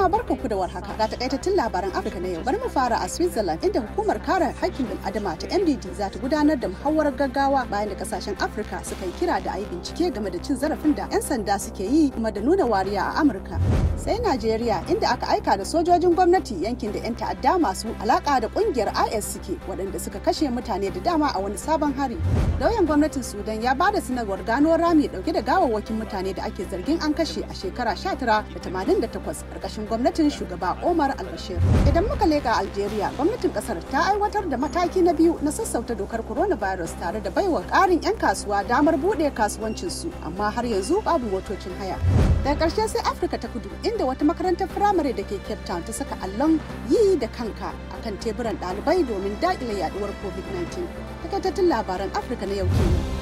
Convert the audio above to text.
jama'a barkanku da warhaka ga takaitattun labaran Afirka na yau bari mu fara a Switzerland inda hukumar kare haƙƙin adama ta MDD za ta gudanar da muhawar gaggawa bayan da kasashen Afirka suka yi kira da a yi bincike game da cin zarafin da 'yan sanda suke yi kuma da nuna wariya a Amurka. Sai Najeriya inda aka aika da sojojin gwamnati yankin da 'yan ta'adda masu alaka da kungiyar IS suke waɗanda suka kashe mutane da dama a wani sabon hari. Lauyan gwamnatin Sudan ya ba da sanarwar gano rami dauke da gawawwakin mutane da ake zargin an kashe a shekara 1988 ƙarƙashin gwamnatin shugaba Omar al-Bashir. Idan muka leka Algeria, gwamnatin kasar ta aiwatar da mataki na biyu na sassauta dokar coronavirus tare da baiwa ƙarin 'yan kasuwa damar buɗe kasuwancinsu, amma har yanzu babu motocin haya. Daga ƙarshe sai Afirka ta kudu inda wata makarantar firamare da ke Cape Town ta saka allon yi da kanka akan teburan ɗalibai domin daƙile yaduwar COVID-19. Takaitattun labaran Afirka na yau kenan.